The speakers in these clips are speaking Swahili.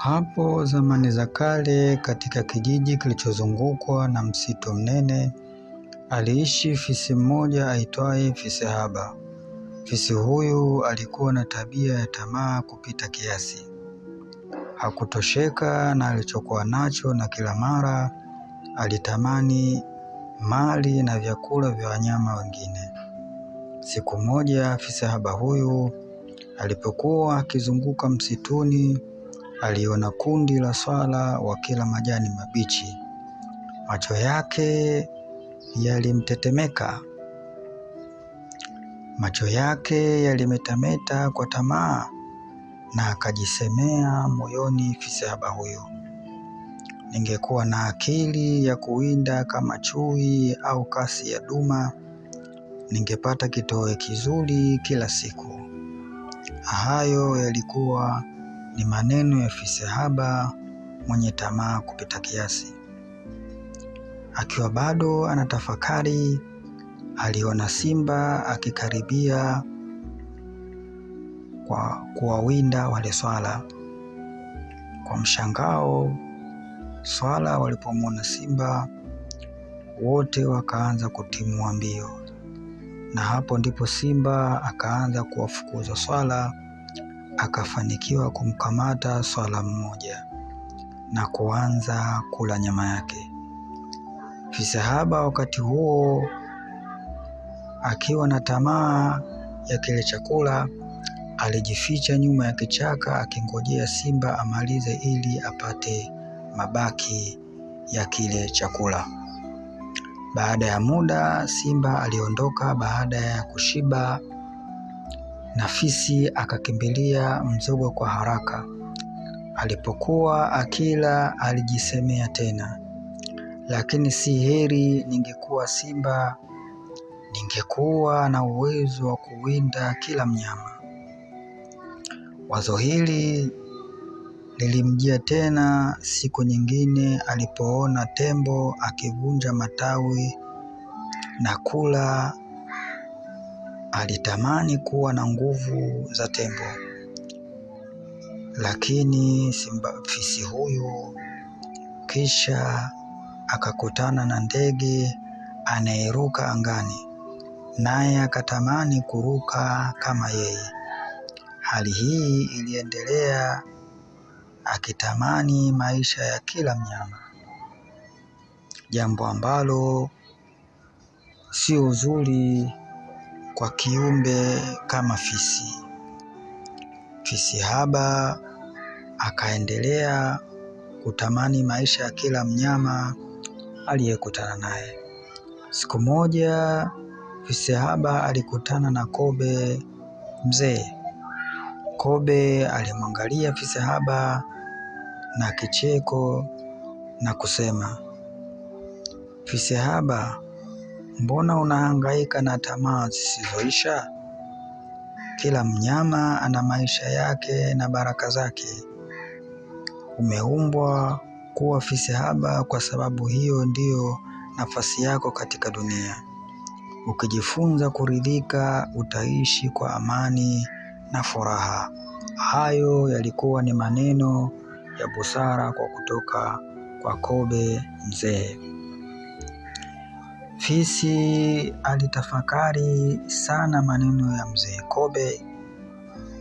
Hapo zamani za kale katika kijiji kilichozungukwa na msitu mnene, aliishi fisi mmoja aitwaye fisi haba. Fisi huyu alikuwa na tabia ya tamaa kupita kiasi, hakutosheka na alichokuwa nacho, na kila mara alitamani mali na vyakula vya wanyama wengine. Siku moja, fisi haba huyu alipokuwa akizunguka msituni Aliona kundi la swala wakila majani mabichi. Macho yake yalimtetemeka, macho yake yalimetameta kwa tamaa, na akajisemea moyoni, fisihaba huyo, ningekuwa na akili ya kuwinda kama chui au kasi ya duma, ningepata kitoe kizuri kila siku. Hayo yalikuwa ni maneno ya fisihaba mwenye tamaa kupita kiasi. Akiwa bado anatafakari, aliona simba akikaribia kwa kuwawinda wale swala. Kwa mshangao, swala walipomwona simba wote wakaanza kutimua mbio, na hapo ndipo simba akaanza kuwafukuza swala akafanikiwa kumkamata swala mmoja na kuanza kula nyama yake. visahaba wakati huo akiwa na tamaa ya kile chakula alijificha nyuma ya kichaka akingojea simba amalize ili apate mabaki ya kile chakula. Baada ya muda simba aliondoka baada ya kushiba Nafisi akakimbilia mzoga kwa haraka. Alipokuwa akila alijisemea tena, lakini si heri, ningekuwa simba ningekuwa na uwezo wa kuwinda kila mnyama. Wazo hili lilimjia tena siku nyingine alipoona tembo akivunja matawi na kula alitamani kuwa na nguvu za tembo, lakini simba fisi huyu kisha akakutana na ndege anayeruka angani, naye akatamani kuruka kama yeye. Hali hii iliendelea akitamani maisha ya kila mnyama, jambo ambalo sio zuri kwa kiumbe kama fisi. Fisi haba akaendelea kutamani maisha ya kila mnyama aliyekutana naye. Siku moja fisi haba alikutana na kobe mzee. Kobe alimwangalia fisi haba na kicheko na kusema, fisi haba, Mbona unahangaika na tamaa zisizoisha? Kila mnyama ana maisha yake na baraka zake. Umeumbwa kuwa fisihaba kwa sababu hiyo ndiyo nafasi yako katika dunia. Ukijifunza kuridhika utaishi kwa amani na furaha. Hayo yalikuwa ni maneno ya busara kwa kutoka kwa Kobe Mzee. Fisi alitafakari sana maneno ya mzee Kobe,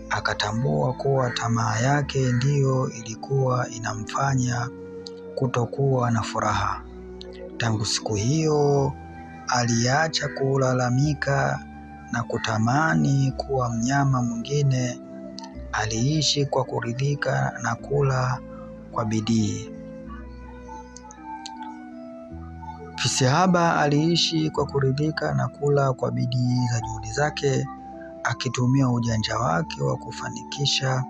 akatambua kuwa tamaa yake ndiyo ilikuwa inamfanya kutokuwa na furaha. Tangu siku hiyo aliacha kulalamika na kutamani kuwa mnyama mwingine. Aliishi kwa kuridhika na kula kwa bidii. Fisehaba aliishi kwa kuridhika na kula kwa bidii za juhudi zake, akitumia ujanja wake wa kufanikisha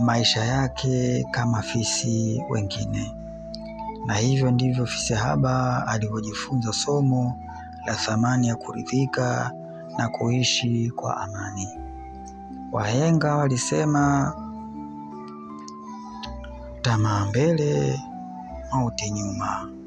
maisha yake kama fisi wengine. Na hivyo ndivyo Fisehaba alivyojifunza somo la thamani ya kuridhika na kuishi kwa amani. Wahenga walisema tamaa mbele, mauti nyuma.